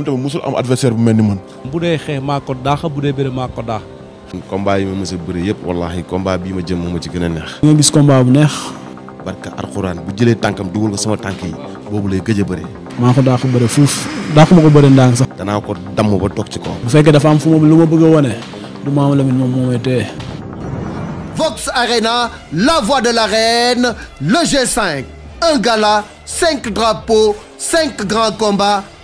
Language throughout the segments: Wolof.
moom tamit mosul am adversaire bu mel ni man. bu dee xeex maa ko daax bu dee bëre maa ko daax. combat yi ma mës a bëri yëpp wallaahi combat bii ma jëm moo ma ci gën a neex. nga gis combat bu neex. barka alxuraan bu jëlee tànkam dugal ko sama tànk yi boobu lay gëj a bëri. maa ko daax bëri fuuf daax ko bëri ndànk sax. danaa ko damm ba toog ci kaw. a la voix de l'arène le G5 un gala cinq drapeaux cinq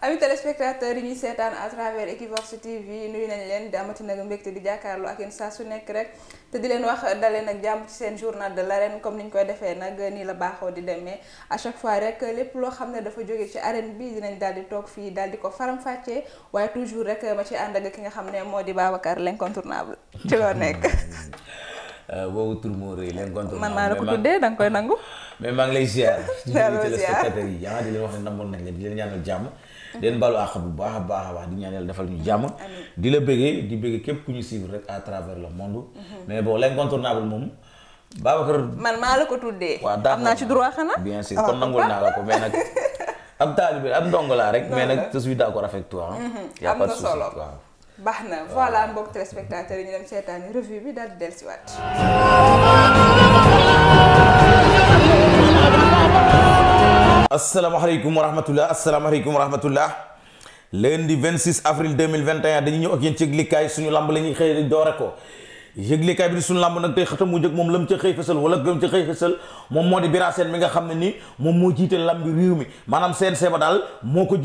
amis téléspectateurs yi ñuy seetaan à travers Equivox TV nuyu nañ leen di amati nag mbégte di jàkkaarloo ak yéen saa su nekk rek te di leen wax dalee nag jàmm ci seen journal de l'arène comme ni ñu koy defee nag nii la baaxoo di demee a chaque fois rek lépp loo xam ne dafa jóge ci arène bi dinañ daal di toog fii daal di ko faram-fàccee waaye toujours rek ma ci ànd ak ki nga xam ne moo di Babacar l'incontournable ci loo nekk. boobu euh, tur moo rëy l'incontournable man maa la ko tuddee da nga koy nangu. mais maa ngi lay di leen wax ne namoon nañ leen di leen ñaanal jàmm. leen balu àq bu baax a baax a baax di ñaan yàlla defal ñu jàmm di la bëggee di bëggee képp ku ñu suivre rek à travers le monde mhm. mais bon l'incontournable moom Babacar man maa la ko tuddee waaw am naa ci droit xanaa bien sûr kon ah. nangul naa la ko mais nag ab taalibe ab ndongo laa rek mais nag je suis d'accord avec toi mhm. y'a pas de souci waaw baax na voilà mbokk téléspectateurs yi ñu dem seetaani revue bi daal si dellusiwaat asalaamaaleykum wa rahmatulah asalaamaaleykum wa rahmatulah lundi 26 avril 2021 dañu ñëw ak yéen ci likkaay suñu lamb la ñuy xëy doore ko yëglekaay bi di suñu làmb nag tey xëtam mu njëkk moom lam ca xëy fësal wala ca xëy fësal moom moo xam ne nii moom moo jiite làmb bi réew mi maanaam mu ca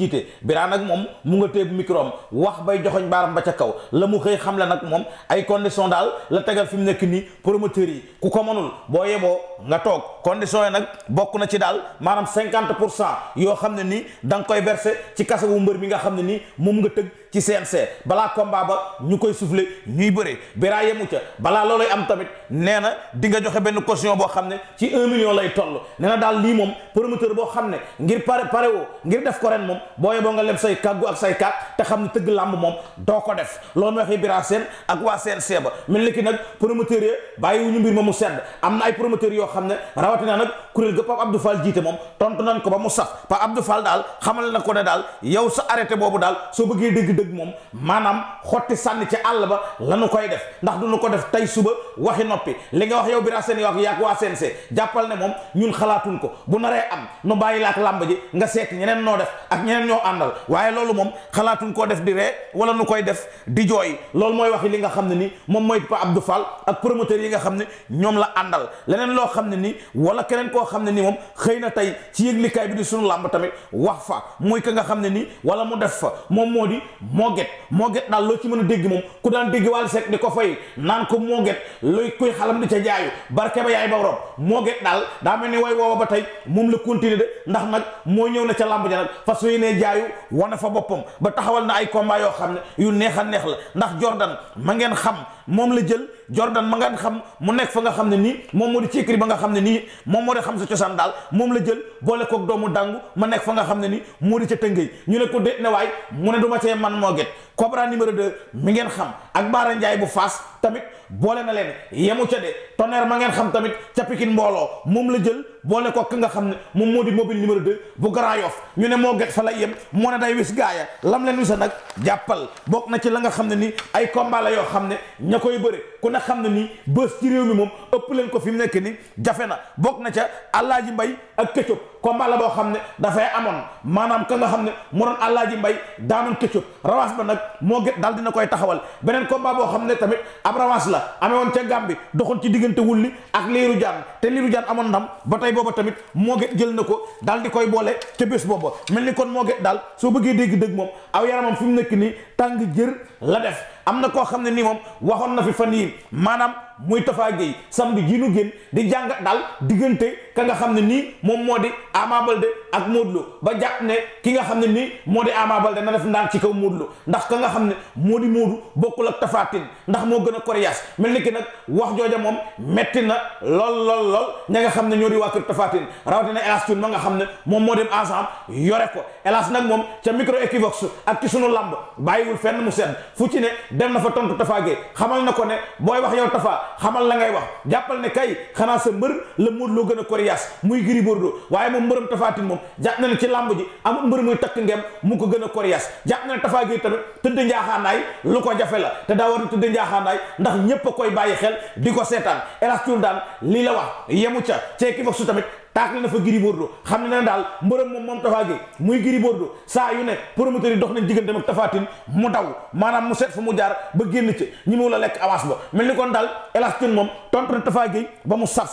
la mu xëy xam moom ay condition daal la fi mu nekk nii promoteur yi ku ko mënul boo yeboo nga toog condition yi nag bokk na ci daal maanaam cinquante pour cent yoo xam ne nii da nga koy verser ci kasa bu mbër mi nga xam ne nii moom nga tëgg ci CNG balaa combat ba ñu koy souffler ñuy bëre Bira yemu ca balaa loolay am tamit nee na di nga joxe benn caution boo xam ne ci un million lay toll nee na daal lii moom promoteur boo xam ne ngir pare pare woo ngir def ko ren moom booye boo nga leb say kàggu ak say kaat te xam ne tëgg làmb moom doo ko def loolu mooy waxi Bira Sène ak waa CNG mel ni ki nag promoteur yi bàyyi wu ñu mbir mu sedd am na ay promoteurs yoo xam ne rawatina nag kuréel ga Pape Abdou Fall jiite moom tontu nañ ko ba mu saf Pape Abdou Fall daal xamal na ko ne daal yow sa arrêté boobu daal soo bëggee dëgg-dëgg moom maanaam xotti sànni ci àll ba lañu koy def ndax du ko def tey suba waxi noppi li nga wax yow Bira Sène wax yaag waa jàppal ne moom ñun xalaatun ko bu naree am nu bàyyi laak làmb ji nga seet ñeneen noo def ak ñeneen ñoo àndal waaye loolu moom xalaatun koo def di ree wala nu koy def di jooy loolu mooy wax waxi li nga xam ne ni moom mooy Pa Abdou Fall ak promoteur yi nga xam ne ñoom la àndal leneen loo xam ne nii wala keneen koo xam ne ni moom xëy na tey ci yëglikaay bi di sunu làmb tamit wax fa muy ka nga xam ne ni wala mu def fa moom moo di Moget Moget daal loo naan ko moo get looy koy xalam di ca jaayu barke ba yaay ba rob moo get daal daa mel ni way woowa ba tey moom la continuer de ndax nag moo ñëw na ca làmb ja nag fas yéene jaayu wane fa boppam ba taxawal na ay combat yoo xam ne yu neex a neex la ndax Jordan ma ngeen xam moom la jël Jordan ma nga xam mu nekk fa nga xam ne nii moom moo di ci écrit ba nga xam ne nii moom moo di xam sa cosaan daal moom la jël boole koog doomu dàngu ma nekk fa nga xam ne nii moo di ca tëngéey ñu ne ko dé ne waay mu ne du ma cee man moo get Cobra numéro 2 mi ngeen xam ak Baara Njaay bu faas tamit boole na leen yemu ca de tonnerre ma ngeen xam tamit ca Pikine mbooloo moom la jël boole ko ki nga xam ne moom moo di mobile numéro 2 bu Grand Yoff ñu ne moo get fa lay yem moo ne day wis gaaya lam leen wisa nag jàppal bokk na ci la nga xam ne ni ay combat yoo xam ne ña koy bëre ku ne xam ne nii bës ci réew mi moom ëpp leen ko fi mu nekk nii jafe na bokk na ca Alaaji Mbay ak Këccëg combat la boo xam ne dafay amoon maanaam ka nga xam ne mu doon Alaaji Mbay daanoon këccub rawaas ba nag moo gét daal dina koy taxawal beneen combat boo xam ne tamit ab rawaas la amee woon ca Gàmbi doxoon ci diggante wulli ak liiru jaan te liiru jaan amoon ndam ba tey booba tamit moo gét jël na ko daal di koy boole ca bés booba mel ni kon moo gét daal soo bëggee dégg dëgg moom aw yaramam fi mu nekk nii tàng jër la def am na koo xam ne nii moom waxoon na fi fan yii maanaam muy Tafa Gueye samedi jii nu génn di jàng daal diggante ka nga xam ne nii moom moo di Ama Baldé ak Modou ba jàpp ne ki nga xam ne nii moo di Ama de na def ndànk ci kaw moodlu ndax ka nga xam ne moo di Modou bokkul ak Tapha ndax moo gën a coriace mel ni ki nag wax jooja moom metti na lool lool lool ña nga xam ne ñoo di waa kër Tapha Tine rawatina Elas Thioune ma nga xam ne moom moo dem ensemble yore ko Elas nag moom micro Equivox ak ci sunu lamb bàyyiwul fenn mu sedd fu ci ne dem na fa tontu tafaagee xamal na ko ne booy wax yow tafa xamal la ngay wax jàppal ne kay xanaa sa mbër la Modou loo gën a coriace muy Gris Bordeaux waaye moom mbërëm Tapha Tine moom jàpp na ne ci làmb ji amul mbër muy takk ngem mu ko gën a coriace jàpp na ne tafaagee tamit tëdd njaaxaanaay lu ko jafe la te daa war a tëdd njaaxaanaay ndax ñépp a koy bàyyi xel di ko seetaan elas tul daan lii la wax yemu ca ceeki su tamit taakle na fa Gris Bordeaux xam ne na daal mbërëm moom moom Tapha Gueye muy Gris Bordeaux saa yu ne promoteur yi dox nañ diggante ak Tapha Tine mu daw maanaam seet mu jaar ba génn ci ñi mu la lekk avance ba mel ni daal moom tontu na Tapha Gueye ba mu sat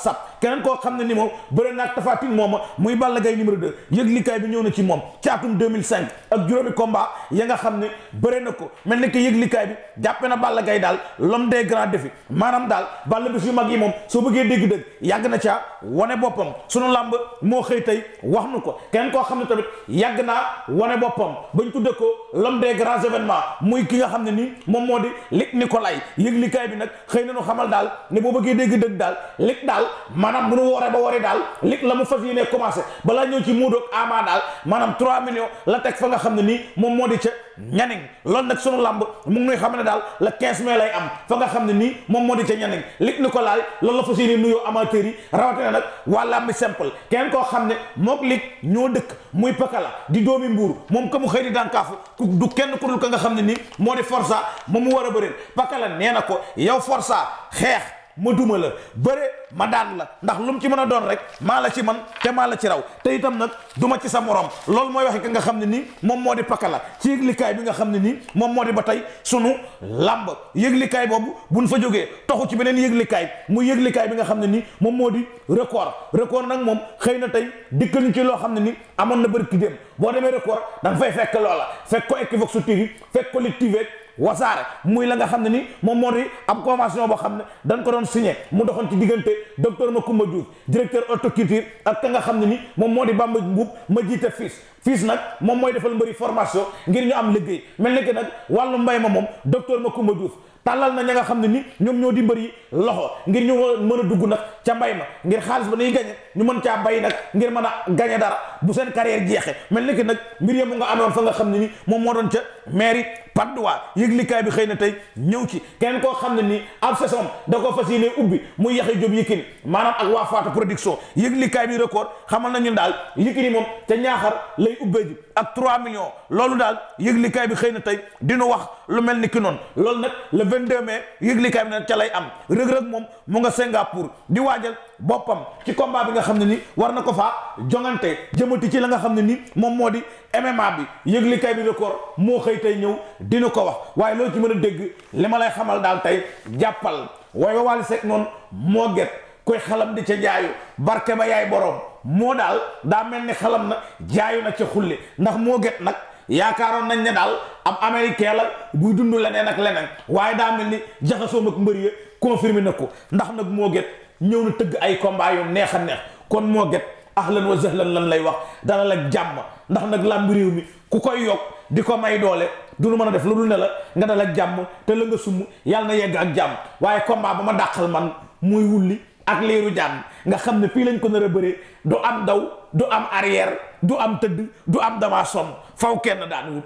koo xam ne moom bëri naag Tapha Tine mooma muy Balla Gaye numéro 2 yëglikaay bi ñëw na ci moom ci atum 2005 ak juróomi combat ya nga xam ne bëri na ko mel ni que yëglikaay bi jàppe na Balla Gaye daal l'homme des grands défis maanaam daal Balla bis mag yi moom soo bëggee dégg-dëgg yàgg na caa wane boppam sunu làmb moo xëy tey wax nu ko kenn koo xam ne tamit yàgg naa wane boppam bañ tudde ko l'homme des grands événements muy ki nga xam ne nii moom moo di Luc Nicolaï yëg likaay bi nag xëy na nu xamal daal ne boo bëggee dégg dëgg daal Luc daal maanaam bu nu wooree ba wooree daal Luc la mu fas yéenee commencé balaa ñëw ci muudoog ama daal maanaam 3 millions la teg fa nga xam ne nii moom moo di ca ñaning loolu nag sunu lamb mu ngi nuy xam ne daal le 15 mai lay am fa nga xam ne nii moom moo di ca ñaning lig ni ko laal loolu la fas yéene nuyoo amateurs yi rawatina nag waa lamb simple kenn koo xam ne mook lig ñoo dëkk muy pakala di doomi mbuur moom ka mu xëy di dànkaafu du kenn ku dul ka nga xam ne nii moo di força moom mu war a bëri pakala nee na ko yow força xeex ma duma la bëre ma daan la ndax lu mu ci mën a doon rek maa la ci man te maa la ci raw te itam nag duma ci sa morom loolu mooy waxe ka nga xam ne ni moom moo di pakala ci yëglikaay bi nga xam ne nii moom moo di ba tey sunu làmb yëglikaay boobu buñ fa jógee toxu ci beneen yëglikaay mu yëglikaay bi nga xam ne nii moom moo di record record nag moom xëy na tey dikkal ñu ci loo xam ne ni amoon na bërki dem boo demee record da nga fay fekk loola fekk ko Equivox TV fekk ko Lutte TV wasaare muy la nga xam ne ni moom moo di ab convention boo xam ne dañ ko doon signé mu doxoon ci diggante docteur ma Diouf directeur horticulture ak ka nga xam ne ni moom moo di Bamba Mbuub ma jiite fiis fiis nag moom mooy defal mbëri formation ngir ñu am liggéey mel ni que nag wàllu mbay ma moom docteur Macoumba Diouf tàllal na ña nga xam ne ni ñoom ñoo di mbër loxo ngir ñu mën a dugg nag ca mbay ma ngir xaalis ba nañuy gañe ñu mën caa mbay nag ngir mën a gañe dara bu seen carrière jeexe mel ni que nag mbir ya mu nga amoon fa nga xam ne ni moom moo doon ca mairie Patte d'Oie yëglikaay bi xëy na tey ñëw ci kenn koo xam ne nii ab saison da koo fas ne ubbi muy Yaxya Jóob Yékini maanaam ak waa Faatu production yëglikaay bi record xamal nañu daal Yékini moom te ñaaxar lay ubbee ji ak 3 loolu daal yëglikaay bi xëy na tey dina wax lu mel ni ki noonu loolu nag le 22 mai yëglikaay bi nag ca lay am Reug Reug moom mu nga Singapour di waajal boppam ci combat bi nga xam ne ni war na ko faa jongante jëmati ci la nga xam ne ni moom moo di MMA bi yëgli kay bi record moo xëy tey ñëw dina ko wax waaye loolu ci mën a dégg li ma lay xamal daal tey jàppal waaye ba Wally Seck noonu moo get koy xalam di ca jaayu barke ba yaay boroom moo daal daa mel ni xalam na jaayu na ca xulle ndax moo get nag yaakaaroon nañ ne daal am américain la buy dund leneen ak leneen waaye daa mel ni jaxasoom ak mbër ya confirmé na ko ndax nag moo get ñëw na tëgg ay combat yu neex a neex kon moo get ahlan wa sahlan lan lay wax dana la jàmm ndax nag làmb réew mi ku koy yokk di ko may doole du lu mën a def lu dul ne la nga dal ak jàmm te la nga summ yàlla na yegg ak jàmm waaye combat ba ma dàqal man mooy wulli ak liiru jaan nga xam ne fii lañ ko nar a du am daw du am arrière du am tëdd du am dama som faw kenn daan wut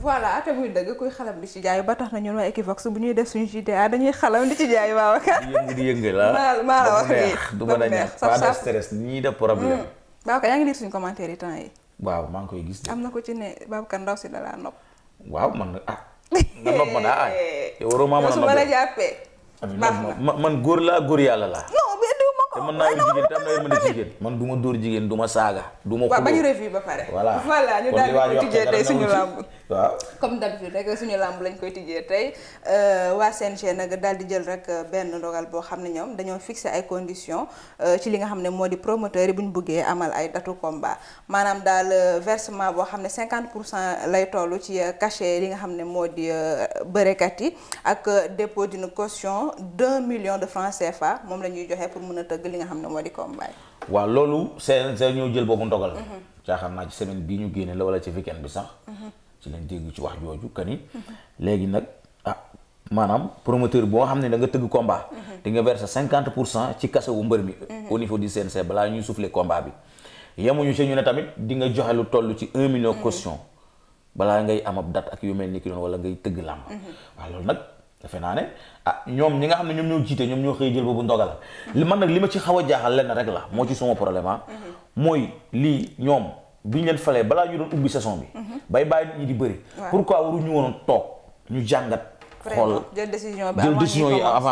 voilà te muy dëgg kuy xalam di ci jaay ba tax na ñun waa Equivox bu ñuy def suñu JDA dañuy xalam di ci jaay waaw. yëngu di yëngu la maa la wax nii du ma la neex pas de stress ñii de problème. Hmm. Babacar yaa ngi lire suñu commentaire yi temps yi. waaw maa ngi koy gis. am na ko ci ne Babacar ndaw si da laa nopp. waaw man ah. nga nopp ma daa aay. yow waroo maa mën a ma man góor laa góor yàlla laa. te mën naa yor jigéen te am man du dóor jigéen du saaga du ma. waaw ba ñu revue ba pare. voilà voilà ñu daal di tijjee tey suñu làmb. waaw comme d'habitude suñu làmb lañ koy tijjee tey euh, waa CNG nag daal di jël rek euh, benn ndogal boo xam ne ñoom dañoo fixe ay condition euh, ci li nga xam ne moo di promoteur yi bu ñu bëggee amal ay datu combat maanaam daal versement boo xam ne 50 pour cent lay toll ci cachet li nga xam ne moo di bërekat yi ak dépôt d'une caution 2 millions de francs CFA moom la ñuy tëgg li nga xam ne moo di combat yi waaw loolu CNG ñoo jël boobu ndogal xam naa ci semaine bii ñu génne la wala ci weekend bi sax ci lañ dégg ci wax jooju kani léegi nag ah maanaam promoteur boo xam ne da nga tëgg combat di nga sa cinquante pour cent ci kase mbër mi au niveau du CNG balaa ñuy souffler combat bi yemuñu ci ñu ne tamit di nga joxe lu tollu ci un million caution balaa ngay am ab date ak yu mel ni ki noonu wala ngay tëgg làmb waaw nag defe naa ne ah, ñoom ñi nga xam ne ñoom ñoo jiite ñoom ñoo xëy jël boobu ndogal man nag li ma ci xaw a jaaxal lenn rek la moo ci suma problème ah mhm. mooy lii ñoom bi ñu leen falee balaa ñu doon ubbi saison bi mhm. bay bàyyi nit ñi di bëri pourquoi waru ñu woon toog ñu jàngat xool jël décision yi mhm.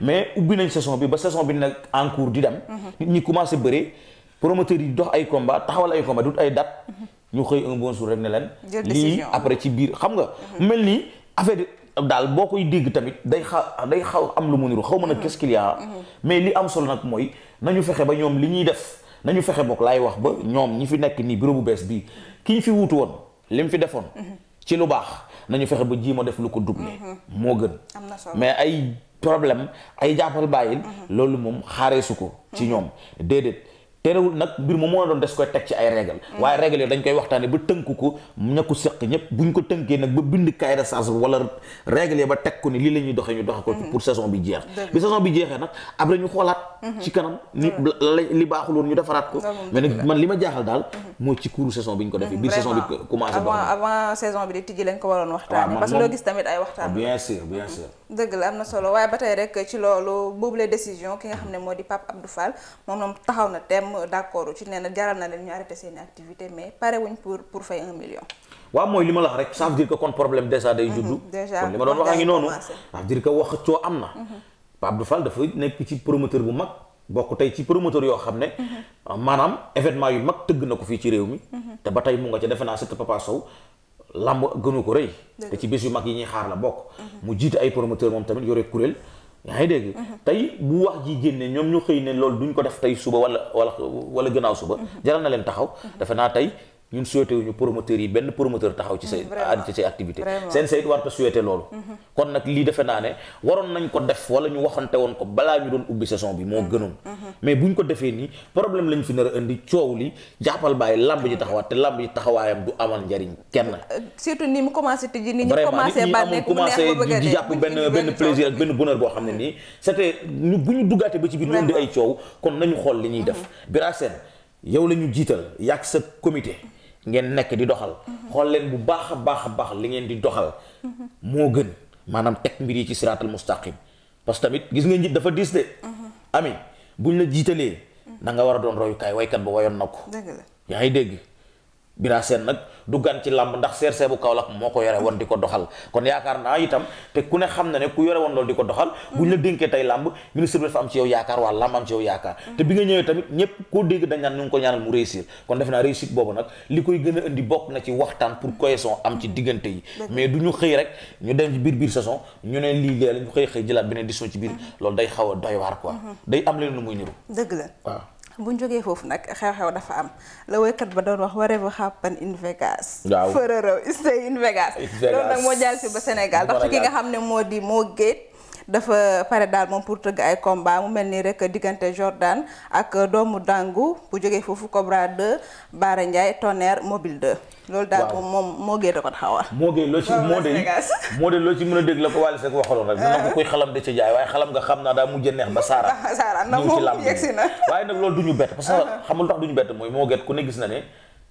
mais ubbi nañ saison bi ba saison bi nag en cours di dem nit ñi commencé bëri promoteurs yi dox ay combat taxawal ay combat dut ay date ñu xëy un bon rek ne lii après ci biir daal boo koy dégg tamit day xaw day xaw am lu mu niru xaw ma nag mm-hmm. qu'est-ce mm-hmm. mais li am solo nag mooy nañu fexe ba ñoom li ñuy def nañu fexe boog laay wax ba ñoom ñi fi nekk nii bureau bu bees bii ki ñu fi wutu woon li mu fi defoon mm-hmm. ci lu baax nañu fexe ba jii jiima def lu ko double moo gën mais ay problème ay jàppal bàyyil loolu moom xaareesu ko ci ñoom déedéet terewul nag mbir moom moo doon des koy teg ci ay règle mm. waaye règle yooyu dañ koy waxtaane ba tënk ko ña ko seq ñëpp buñ ko tënkee nag ba bind cahier de charge wala règle ba teg ko ni lii la ñuy doxee ñu doxe ko mm. pour saison bi jeex bi saison bi jeexee nag après ñu xoolaat Mhm. ci kanam ni li baaxuloon ñu defaraat ko mais nag man li ma jaaxal daal mhm. mooy ci cours saison bi ñu ko defee biir saison bi commencé avant bi di tijji lañ ko waroon waxtaanee parce que loo gis tamit ay oh, mhm. décision ki nga xam ne moo di Pape Abdou Fall moom moom taxaw na tem d'accord ci nee jaral na leen ñu arrêté activité mais pare pour pour fay un million waaw mooy li ma la rek ça veut dire que kon problème déjà juddu li ma doon wax a ngi noonu ça veut dire Abdou fal dafa nekk ci promoteur bu mag bokk tey ci promoteur yoo xam ne. Mhm. maanaam événement yu mag tëgg na ko fii ci réew mi. Mhm. te ba tey mu nga ca defe naa set Papa Sow lamb gënu ko rëy. te ci bés yu mag yi ñuy xaar la bokk. Mhm. mu jiite ay promoteur moom tamit yore kuréel. yaa ngi dégg tey bu wax ji génne ñoom ñu xëy ne loolu duñ ko def tey suba wala wala wala gannaaw suba jaral na leen taxaw defe naa tey ñun souhaité wuñu promoteurs yi benn promoteur taxaw ci say mm, ci say activité seen sayit warta souhaité loolu mm-hmm. kon nag lii defe naa ne waroon nañ ko def wala ñu waxante woon ko balaa ñu doon ubbi saison bi moo mm-hmm. gënoon mm-hmm. mais buñ ko defee nii problème lañ fi nar indi coow li jàppal bàyyi lamb ji taxawaat te lamb ji taxawaayam du amal njariñ kenn euh, surtout ni mu commencé tijji ni ñu commencé bànneex commencé di jàpp benn benn plaisir ak benn bonheur boo xam ne nii c'était ñu bu ñu duggaate ba ci biir ñu di ay coow kon xool li ñuy def Bira yow la ñu jiital yàgg sa comité ngeen nekk di doxal xool leen bu baax a baax baax li ngeen di doxal moo gën maanaam teg mbir yi ci siraatal mustaqim parce que tamit gis nga njiit dafa diis de ami ñu la jiitalee da nga war a doon royukaay waykat ba woyoon na ko yaa dégg Bira Sène nag du gan ci làmb ndax CRC bu Kaolack moo ko yore woon di ko doxal kon yaakaar naa itam te ku ne xam na ne ku yore woon loolu di ko doxal buñ la tey làmb yaakaar waa làmb am ci yow yaakaar mm. te bi nga ñëwee tamit ñëpp koo dégg dañ naan ñu ko ñaanal mu réussir kon defe naa réussite boobu nag li koy gën a indi bokk na ci waxtaan ñu xëy rek ñu dem ci biir biir saison ñu ne lii lee la ñu xëy xëy jëlaat beneen décision ci biir mm-hmm. loolu day xaw a doy waar quoi mm-hmm. day am leen lu muy niru dëgg la bu buñ jógee foofu nag xew-xew dafa am la woykat ba doon wax whatever happened in Vegas. waaw forever stay in Vegas. loolu nag moo jàll si ba Sénégal ndax ki nga xam ne moo di moo géej. dafa pare daal moom pour tëgg ay combat mu mel nii rek diggante Jordan ak doomu Dangu bu jógee foofu Cobra 2 Bara Ndiaye Tonnerre Mobile 2. loolu daal moom moo gën a ko xawal. moo gën loo ci moo de moo de loo ci mën a dégg la ko Wally Seck waxaloon rek. dina xalam de ci waaye xalam nga xam naa daa mujj neex ba Saara. Saara na moom yegsi na waaye nag loolu du ñu bett parce que uh-huh. xamul tax du ñu bett mooy moo gën ku ne gis na ne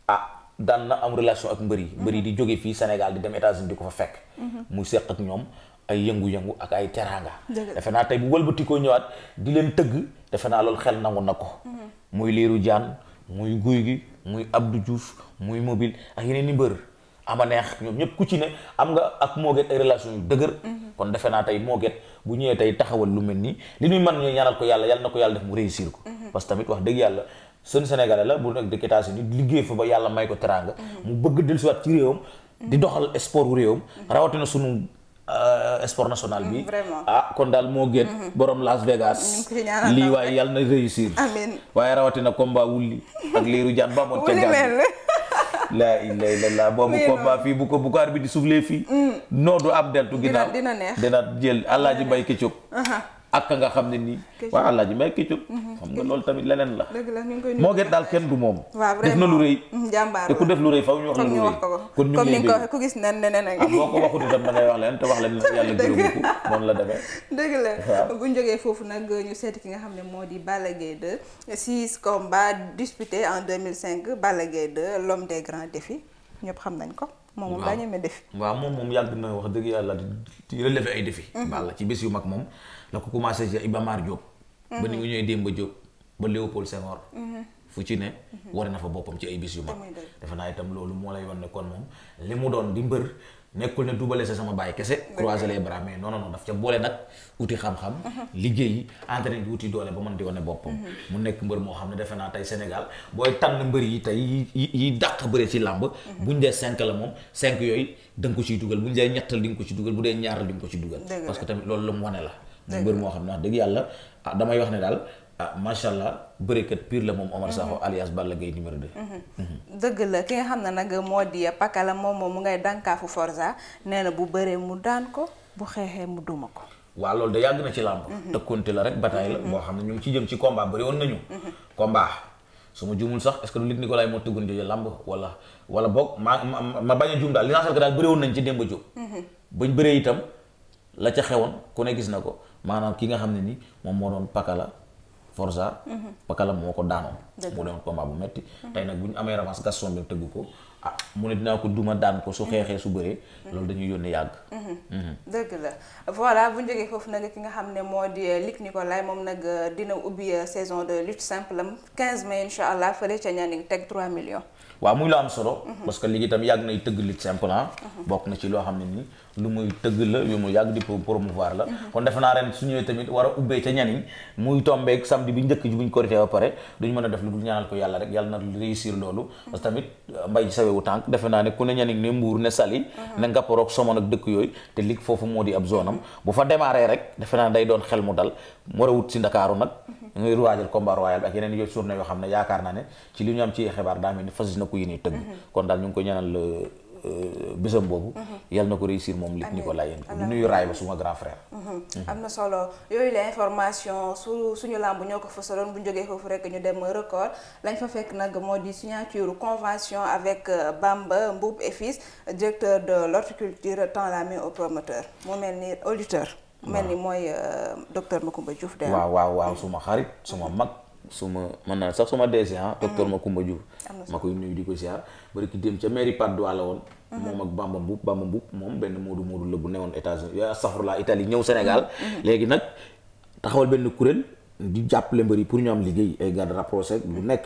ah. daal na am relation ak mbër yi mbër yi di jóge fii Sénégal di dem états di ko fa fekk mm-hmm. muy seq ak ñoom ay yëngu-yëngu ak ay teraanga defe naa tey bu wëlbati koo ñëwaat di leen tëgg defe naa loolu xel nangu na ko mhm. muy liiru jaan muy guy gi muy Abdou juuf muy mobile ak yeneen i mbër ama neex ñoom ñëpp ku ci ne am nga ak mooget ay relation yu dëgër mhm. kon defe naa tey mooget bu ñëwee tey taxawal lu mel nii li nuy mën ñooy ñaanal ko yàlla yàlla na ko yàlla def mu réussir ko mhm. parce que tamit wax dëgg yàlla seen sénégalais la bu nekk dëkk états liggéey fa ba yàlla may ko teraanga mu bëgg dellusiwaat ci réewam di doxal sport wu réewam rawatina sunu Euh, sport national bi. Mm, ah kon daal moo génn mm-hmm. borom Las Vegas. Mm-hmm. lii waaye yàlla na réussir. waaye rawatina combat wulli ak liiru jaan ba amoon ca jaan laa ilaaha illallaah boobu combat fii bu ko bu ko arbitre bi di soufflé fii. Mm. noo du am deltu ginnaaw dina dina neex dina jël Alaaji Mbay Kicok. ak nga xam ne nii. waaw Alaaji Mbaye Kécub. Mhm. xam nga loolu tamit leneen la. dëgg la ñu ngi koy nuyu moo gën daal kenn du moom. waaw def na lu rëy. Mhm, jàmbaar te ku def lu rëy faw ñu wax la lu rëy. kon ah, wax leen te wax la demee. dëgg la bu ñu jógee foofu nag ñu seeti ki nga xam ne moo di Balla Gaye 2 six combats disputés en 2005 Balla Gaye 2 l'homme des grands défis ñëpp xam nañ ko. moom moom daa ñeme défi. waa moom moom yàgg na wax dëgg yàlla di relever ay défi. Mhm. Balla ci bés yu mag moom la ko commencé ci Iba Mar Diop. Mhm. ba ni mu ñëwee Demba Diop ba Léopold Senghor. Mhm. fu ci ne. Mhm. war na fa boppam ci ay bis yu mag. defe naa itam loolu moo lay yoon ne kon moom li mu doon di mbër nekkul ne sa sama baay kese. croiser les bras mais non non ca boole nag uti xam-xam. liggéeyi entraîné uti doole ba man di wane boppam. mu nekk mbër moo xam ne defe naa tey Sénégal booy tànn mbër yi tey yi yi dàq bëre ci làmb. buñ dee cinq la moom cinq yooyu da nga ko ciy dugal buñ dee ñettal di nga ko ci dugal bu dee ñaar di ko ci dugal. parce que tamit loolu la mu wane la. muy mbër moo xam ne wax dëgg yàlla ah damay wax ne daal ah macha allah bëreekat pire la moom Omar mhm. Sakho alias Balla Gaye numéro 2. Mhm. Mhm. dëgg la ki nga xam ne nag moo di Pakala moom moom mu ngay dànkaafu Forza nee na bu bëree mu daan ko bu xeexee mu duma ko. waaw loolu de yàgg na ci làmb. tëkkonte la rek bataille la. boo xam ne ñu ngi ci jëm ci combat bëri woon nañu. combat su ma juumul sax est-ce que du Luc Nicolaï moo tëggoon jooju làmb wala wala ma ma bañ a juum daal li nga xam daal la ca xewoon ku ne gis na ko maanaam ki nga xam ne nii moom moo doon pakala forza mhm. pakala moo ko daanoon mu doon combat mhm. bu ñu amee revanche gaston bi ko ah mu ne dinaa ko daan ko su mhm. xeexee su bëree loolu dañuy la ñu jógee foofu nag ki nga xam ne moo di euh, Luc moom euh, dina ubbi euh, saison de lutte simple am 15 mai insha allah fële ca ñaaning teg 3 millions waaw muy la am solo parce que léegi itam yàgg nay tëgg lutte simple ah. bokk na ci loo xam ne nii lu muy tëgg la yu mu yàgg di promouvoir la mhm. kon defe naa ren su ñëwee tamit war a ubbee ca ñaniñ muy tombeek samedi bi njëkk ji buñ korité ba pare duñ mën a def lu dul ñaanal ko yàlla rek yàlla na réussir loolu mhm. parce que tamit euh, mbay ci naa ne ku ne ñaniñ ne mbuur ne sali mhm. ne ngàpparoog somon ak te lig foofu moo di ab zone am bu fa démarré rek defe naa day doon xel mu dal war a wut si ndakaaru nag ñuy waajal combat royal bi ak yeneen yooyu journée yoo xam ne yaakaar naa ne ci li ñu am ci xibaar daa mel ni fas na ko yéene tëgg kon daal ñu ngi ko ñaanal euh, Euh, bésam boobu. Mhm. yàlla na ko réussir moom lit ni ko du nuyu raay ba suma grand frère. Mhm. Mhm. am na solo yooyu la information su suñu làmb ñoo ko fësaloon bu ñu jógee foofu rek ñu dem record lañ fa fekk nag moo di signature convention avec euh, Bamba Mboub et fils directeur de l'horticulture tend la main au promoteur mu mel ni auditeur. mel ni mooy euh, docteur Macoumba Diouf. waaw waaw waaw suma xarit suma mag. suma man naa sax suma deesi ah docteur mm-hmm. Macoumba Diouf ma koy nuyu di ko siyaar bari ki dem ca mairie Patte d'Oie la woon mm-hmm. moom ak Bamba Mboup Bamba Mboup moom benn moodu moodu la bu newoon États-Unis yaa safrla Italie ñëw Sénégal mm-hmm. léegi nag taxawal benn kuréel di jàpp mbër yi pour ñu am liggéey ay garde rapproché lu nekk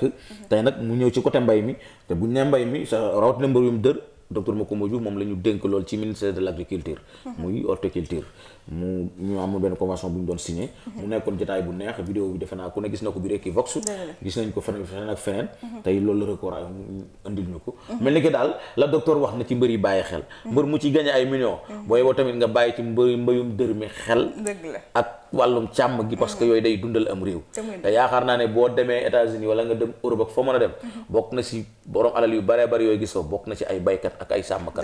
tey nag mu ñëw ci côté mbay mi te bu ñu nee mbay mi sa rawatina mbër yum dër docteur Macoumba Diouf moom la ñu dénk lool ci ministère de l' agriculture muy horticulture mu ñu amoon benn convention bu ñu doon signé mu nekkoon jotaay bu neex vidéo bi defe naa ku ne gis na ko bi rekki vox gis nañ ko feneen mhm. tey loolu record ay indil ñu ko mhm. mel ni daal la docteur wax na ci mbër yi bàyyi xel mhm. mbër mu ci gagné ay millions booy boo tamit nga bàyyi ci mbër mbayum dër mi xel ak wàllum càmm gi parce que yooyu day dundal am réew te yaakaar naa ne boo demee États-Unis wala nga dem Europe ak foo mën a dem bokk na si borom alal yu bare bari yooyu gisoo bokk na ay baykat ak ay sàmmkat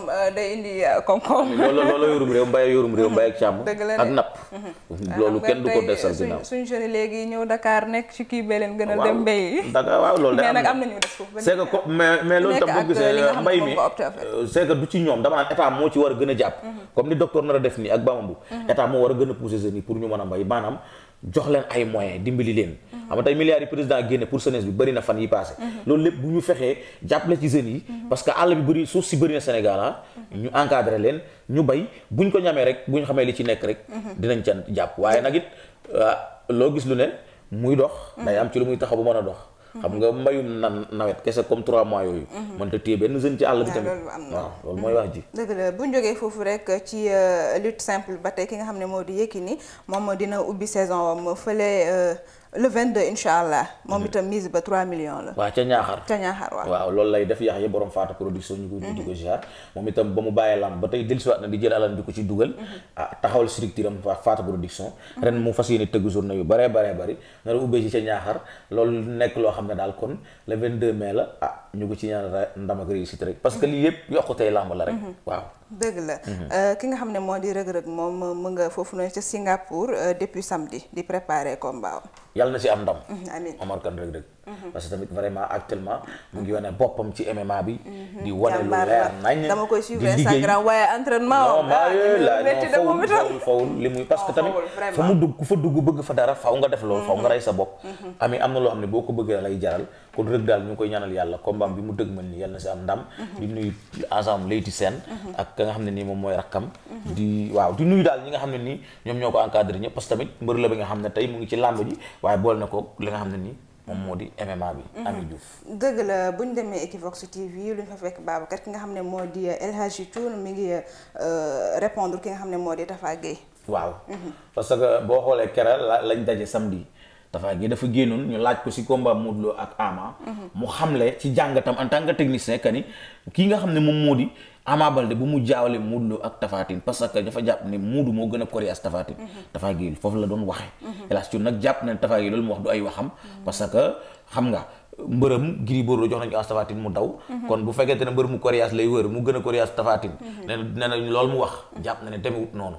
moom euh, day indi euh, koom-koom. loolu loolu yorum réew mbay yorum réew ak càmm. ak napp. loolu ah, kenn du ko desal ginnaaw suñ jeune léegi ñëw Dakar nekk ci kii bee leen gënal dem mbay. Dakar waaw loolu day am am na ñu des foofu. c'est que ko mais mais loolu tam boo gisee mbay mi euh, c'est du ci ñoom dama naan état moo ci war a gën a jàpp. Mhm. comme ni docteur nar a def nii ak Bamambou. Mhm. état moo war a gën a pousser jeunes pour ñu mën a mbay maanaam jox leen ay moyens dimbali leen xam nga tey milliards yi président génne pour jeunesse bi bëri na fan yi passé mhm. loolu lépp bu ñu fexee jàppale ci jeunes yi mhm. parce que àll bi bëri suuf si bëri na Sénégal ah. mhm. ñu encadré leen ñu bay bu ñu ko ñamee rek bu ñu xamee li ci nekk rek dinañ ca jàpp waaye nag it ah, loo gis lu ne muy dox day am ci lu muy taxaw bu mën a dox xam nga mbayum nan nawet kese comme trois mois yooyu mhm. mënta téye benn jeune ci àll bi ah, tamit waaw loolu mooy mhm. wax ji dëgg la bu ñu jógee foofu rek ci euh, lutte simple ba tey ki nga xam ne moo di Yékini moom dina ubbi saison am fële euh, le 22 incha allah. moom itam mise ba 3 millions la. waaw ca ñaaxar ca ñaaxar waaw. loolu lay def yàq yi borom faata production ñu ko di ko mm-hmm. moom itam ba mu bàyyee lamb ba tey dellusiwaat na di jël alal di ko ci dugal. Mm-hmm. ah taxawal structure am faata production. Mm-hmm. ren mu fas yéene tëgg journée yu bare bare bari nar a ubbee ci ca ñaaxar loolu nekk loo xam ne daal kon le 22 mai la ah ñu ko ci ñaan ndam ak réussite rek parce que lii yëpp yokkutey lamb la rek waaw. dëgg la mhm. euh, ki nga xam ne moo di rëg-rëg moom mu nga foofu noonu ca Singapour euh, depuis samedi di préparer ko combat yàlla na si am ndam mhm, amiin Omar Kane rëg-rëg Mhm. parce que tamit vraiment actuellement mu ngi wane boppam ci MMA bi. Mhm. di wane lu leer nañ. dama koy suivre Instagram waaye entraînement. non ah, li muy parce que oh, tamit fa mu dugg ku fa dugg bëgg fa dara faw nga def loolu faw nga mhm. rey sa bopp. ami am na loo xam ne boo ko bëggee lay jaral kon rek daal ñu ngi koy ñaanal yàlla combat bi mu dëgg mën ni yàlla na si am ndam. di nuyu ensemble Leyti Sène. ak ka nga xam ne nii moom mooy rakkam. di waaw di nuyu daal ñi nga xam ne nii ñoom ñoo ko encadré ñëpp parce tamit mbër la bi nga xam ne tey mu ngi ci làmb ji waaye bool na ko li nga xam ne nii moom moo di MMA bi. Mhm. Ami Diouf. la bu ñu demee Equivox TV lu ñu fa fekk Babacar ki nga xam ne moo di euh, El Hadji Tour mi ngi euh, répondre ki nga xam ne moo di dafa Gueye. waaw mhm. parce que boo xoolee keral lañ daje samedi. dafa Gueye dafa génnoon ñu laaj ko si combat Modou Lo ak Ama. Mhm. mu xamle ci jàngatam en tant que technicien que ni kii nga xam ne moom moo di. Ama Baldé bu mu jaawale Modou Lo ak Tapha parce que dafa jàpp ne Modou moo gën a coriace Tapha Tine mhm. Tapha foofu la doon waxe El mhm. Hadj nag jàpp na ne Tapha Gueye loolu mu wax du ay waxam mhm. parce que xam nga mbërëm Gris Bordeaux jox nañu as Tapha mu daw kon bu fekkente ne mbërëm mu coriace lay wër mu gën a coriace Tapha Tine ne na loolu mu wax jàpp na ne demewut noonu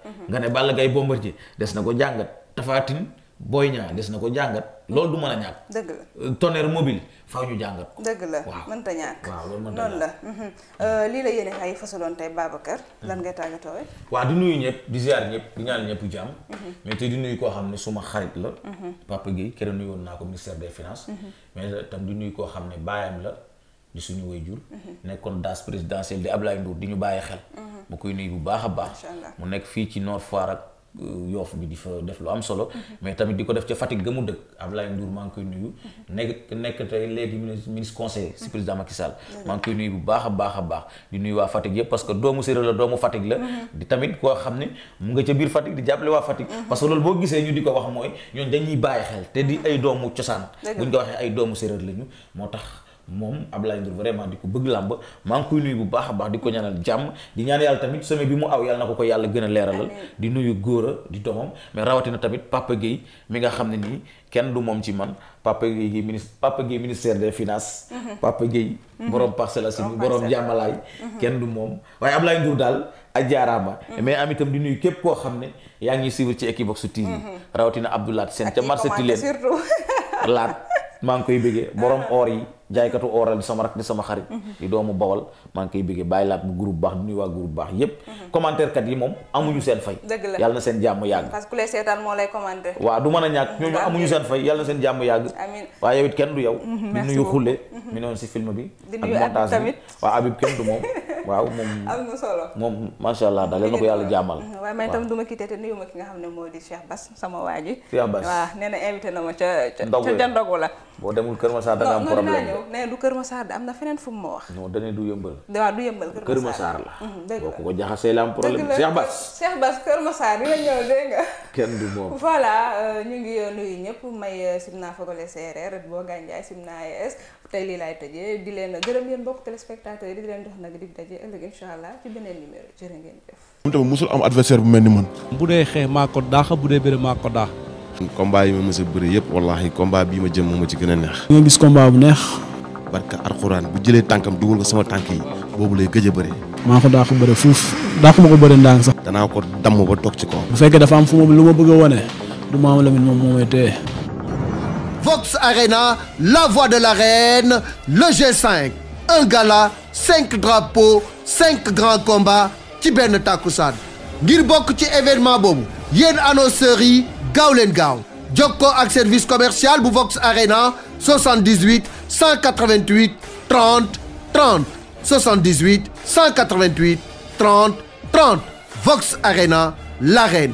nga ne Balla Gaye Bombardier des na ko jàngat Tapha Tine Boy Niang des na ko jàngat loolu du mën a ñàkk. dëgg la euh, tonnerre mobile faaw ñu jàngat ko. dëgg la waaw mënta ñàkk waaw loolu mënta ñàkk noonu la. Mhm. Euh, lii la yéene ay fasaloon tey Babacar. lan ngay tàggatoo waaw di nuyu ñëpp di ziar ñëpp di ñaan ñëpp jàmm. Mhm. mais tey di nuyu koo xam ne suma xarit la. Mhm. Papa Guèye keroog nuyu naa ko ministère des finances. mais tam di nuyu koo xam ne baayam la. di suñu jur mhm. nekkoon danse présidentielle di Ablaye Ndour di ñu bàyyi xel mhm. mu koy nuyu bu baax a baax mu nekk fii ci Nord Foire ak euh, yoof bi di fa def lu am solo mhm. mais tamit di ko def ca Fatick ga mu dëkk Ablaye Ndour maa ngi koy nuyu nekk nekk tey léegi ministre conseiller si président Macky Sall maa ngi nuyu bu baax a baax a baax di nuyu waa Fatick yëpp parce que doomu séeréer la doomu Fatick la tamit koo xam ne mu nga ca biir Fatick di jàppale waa Fatick parce que loolu boo gisee ñu di wax mooy ñoom dañuy bàyyi te di ay doomu cosaan buñ ko waxee ay doomu séeréer lañu moo tax moom Abdoulaye Ndour vraiment di ko bëgg làmb maa ngi koy nuyu bu baax a baax di ko ñaanal jàmm di ñaan yàlla tamit semaine bi mu aw yàlla na ko ko yàlla gën a leeralal di nuyu góor di doomam mais rawatina tamit Papa Guèye mi nga xam ne nii kenn du moom ci man Papa Guèye ministre Papa Guèye ministère des finances mhm. Papa Guèye mhm. borom Parcelles Assainies borom jàmmalaay mhm. kenn du moom waaye Abdoulaye Ndour daal a jaaraama mais am itam di nuyu képp koo xam ne yaa ngi suivre ci Equivox TV rawatina Abdou Laat seen ca marché Tilène laat maa ngi koy bëggee borom ah. or yi jaaykatu oral di sama rak di sama xarit mhm. di doomu bawal maa ngi koy bëggee bàyyi laat bu groupe baax di nuyu waa groupe baax yépp mhm. commentaire kat yi moom amuñu seen fay yàlla na seen jàmm yàgg parce que ku lay seetaan moo lay commenter waaw du mën a ñàkk mhm. ñooñu amuñu seen fay yàlla na seen jàmm yàgg amiin waaw yow it kenn du yow di nuyu xulle mi noonu si film bi ak montage bi waaw Habib kenn du moom waaw moom am allah daal na ko yàlla jàmmal waaye man itam du ma te nuyu ma ki nga xam ne moo di Cheikh Bass sama waa ji Cheikh Bass waaw nee na invité ca ca ndogu la boo dem kër ma sax da yow nee du Kër Masar de am na feneen fu mu ma wax. du yëmbal. waaw du yëmbal Kër Masar la mm-hmm, dëgg la boo ko jaxasee la am problème dina ñëw dégg nga. kenn du moom voilà euh, ñu ngi euh, nuyu ñëpp may euh, simna fogole séeréer boo gànjaay simna AES tey lii laay tëjee di leen gërëm yéen bokk téléspectateurs yi di leen jox nag dig daje ëllëg incha allah ci beneen numéro jërë ngeen jëf. moom tamit am adversaire bu mel ni man. bu dee xee maa ko daax bu dee bëre maa ko daax. combat yi ma yëpp wallaahi combat bii ma jëm moo ci gën a gis combat bu barka bu jëlee tànkam dugal ko sama tànk yi boobu lay gëj a bëri maa ko daa ko fuuf daa ko ma ko sax danaa ko damm ba toog ci kaw bu fekkee dafa am fu moom lu ma bëgg a wone du maam Lamine moom moomay téye la voix de l'arène le G5 un gala cinq drapeaux cinq ci benn takkusaan ngir bokk ci événement boobu yéen annonceurs yi gaaw leen gaaw jokkoo ak service commercial bu Vox Arena 188 30 30 78 188